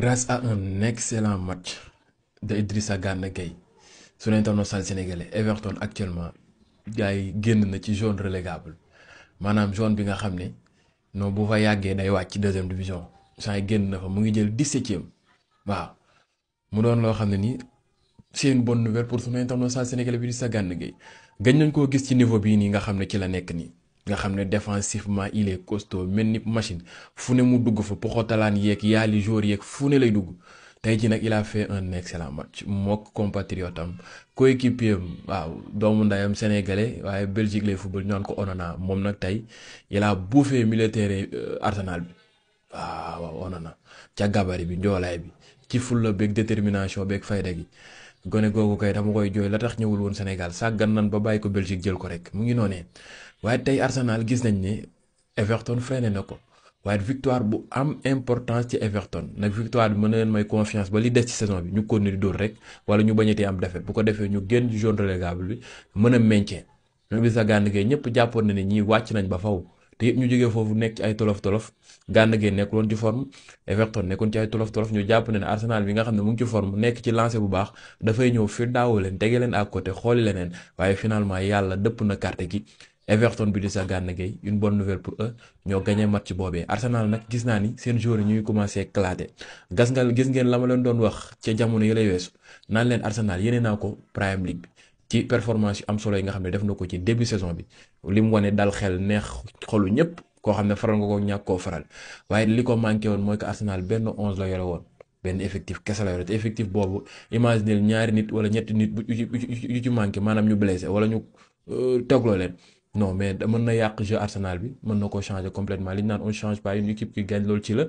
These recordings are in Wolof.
grâce à un excellent match de Idrissa Gana Gueye sunu international sénégalais Everton actuellement gars yi génn na ci zone relégable maanaam zone bi nga xam ne non bu fa yàggee day wàcc ci deuxième division saa yi génn na fa mu ngi jël dix-septième waaw mu doon loo xam ne nii c'est une bonne nouvelle pour sunu international sénégalais bi sa Gana Gueye gañ nañ koo gis ci niveau bii nii nga xam ne ci la nekk nii. nga xam ne défensivement il est costaud mel ni machine fu ne mu dugg fa poxotalaan yeeg yaali jour yeeg fu ne lay dugg tey ji nag il a fait un excellent match mook compatriote am coéquipier am waaw doomu ndayam sénégalais waaye Belgique lay football ñu ko Onana moom nag tey il a bouffé militaire euh, Arsenal bi waaw waaw ca gabari bi njoolaay bi ci fulla beeg détermination beeg fayda gi gone googu kay dama koy jooy la tax ñëwul woon Sénégal sàggan nan ba bàyyi ko Belgique jël ko rek mu ngi noonee waaye tey Arsenal gis nañ ni Everton freiné na ko waaye victoire bu am importance ci Everton nag victoire bi mën na leen may confiance ba li des ci saison bi ñu continuer di dóor rek wala ñu bañatee am défaite bu ko defee ñu génn zone relégable bi mën a maintien même bi sa gànn kay ñëpp jàppoon na ne ñii wàcc nañ ba faw te yëpp ñu jógee foofu nekk ay tolof tolof Gana Gueye nekk woon ci forme Everton nekkoon ci ay tolof tolof ñu jàpp ne ne Arsenal bi nga xam ne mu ngi ci forme nekk ci lancé bu baax dafay fi daawoo leen tege leen à côté xooli leneen waaye finalement yàlla dëpp na carte gi Everton bi di sa Gana Gueye une bonne nouvelle pour eux ñoo gagné match boobee Arsenal nag gis naa ni seen joueurs yi commencé éclater gas nga gis ngeen la ma leen doon wax ca jamono yi lay weesu naan leen Arsenal yéene naa ko Premier League bi ci performance yu am solo yi nga xam ne def na ko ci début saison bi li mu wane dal xel neex xolu ñëpp koo xam ne faral nga ko ñàkk koo faral waaye li ko manqué woon mooy que Arsenal benn 11 la yore woon benn effectif kese la yore te effectif boobu imaginer ñaari nit wala ñetti nit yu ci manqué maanaam ñu blessé wala ñu euh, tegloo leen non mais mën na yàq jeu Arsenal bi mën na koo changer complètement li ñu naan on change pas une équipe qui gagne loolu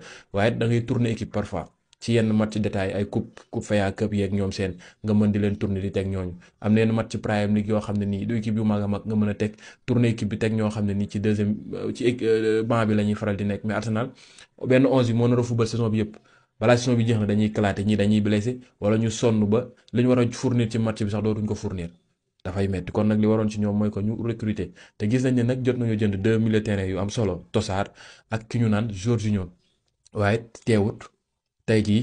ci yenn match détail ay coupe coupe FA Cup yeeg ñoom seen nga mën di leen tourner di teg ñooñu am na yenn match Premier League yoo xam ne nii du équipe yu mag a mag nga mën a teg tourner équipe bi teg ñoo xam ne nii ci deuxième ci euh, banc bi di nekk mais Arsenal benn onze bi moo nar a bi yëpp. balaa saison jeex na dañuy kalaate ñii dañuy blessé wala ñu sonn ba li ñu war a fournir ci match bi sax dootuñ ko fournir dafay metti kon nag li waroon ci ñoom mooy ko ñu recruter te gis nañ ne nag jot nañoo jënd deux milieux terrain yu am solo Tosaar ak ki ñu naan Jorginho waaye teewut tey jii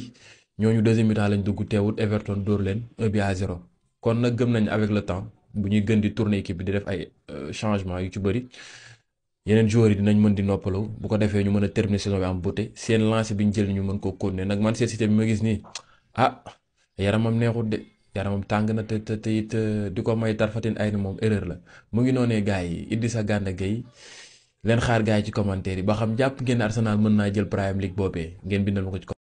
ñooñu deuxième mi-temps lañ dugg teewut Everton dóor leen 1 bi à 0 kon nag gëm nañ avec le temps bu ñuy gën di tourner équipe bi di def ay euh, changement yu ci bëri yeneen joueurs yi dinañ mën di noppalu bu ko defee ñu mën a terminer saison bi am beauté seen lancé bi ñu jël ñu mën koo continuer nag Manchester City bi ma gis nii ah yaramam neexut de yaramam tàng na te te it euh, di ko may tarfatin ay ni moom erreur la mu ngi noonee gars yi Idrissa Gana Gueye leen xaar gars yi ci yi ba xam jàpp ngeen Arsenal mën naa jël Premier League boobee ngeen bindal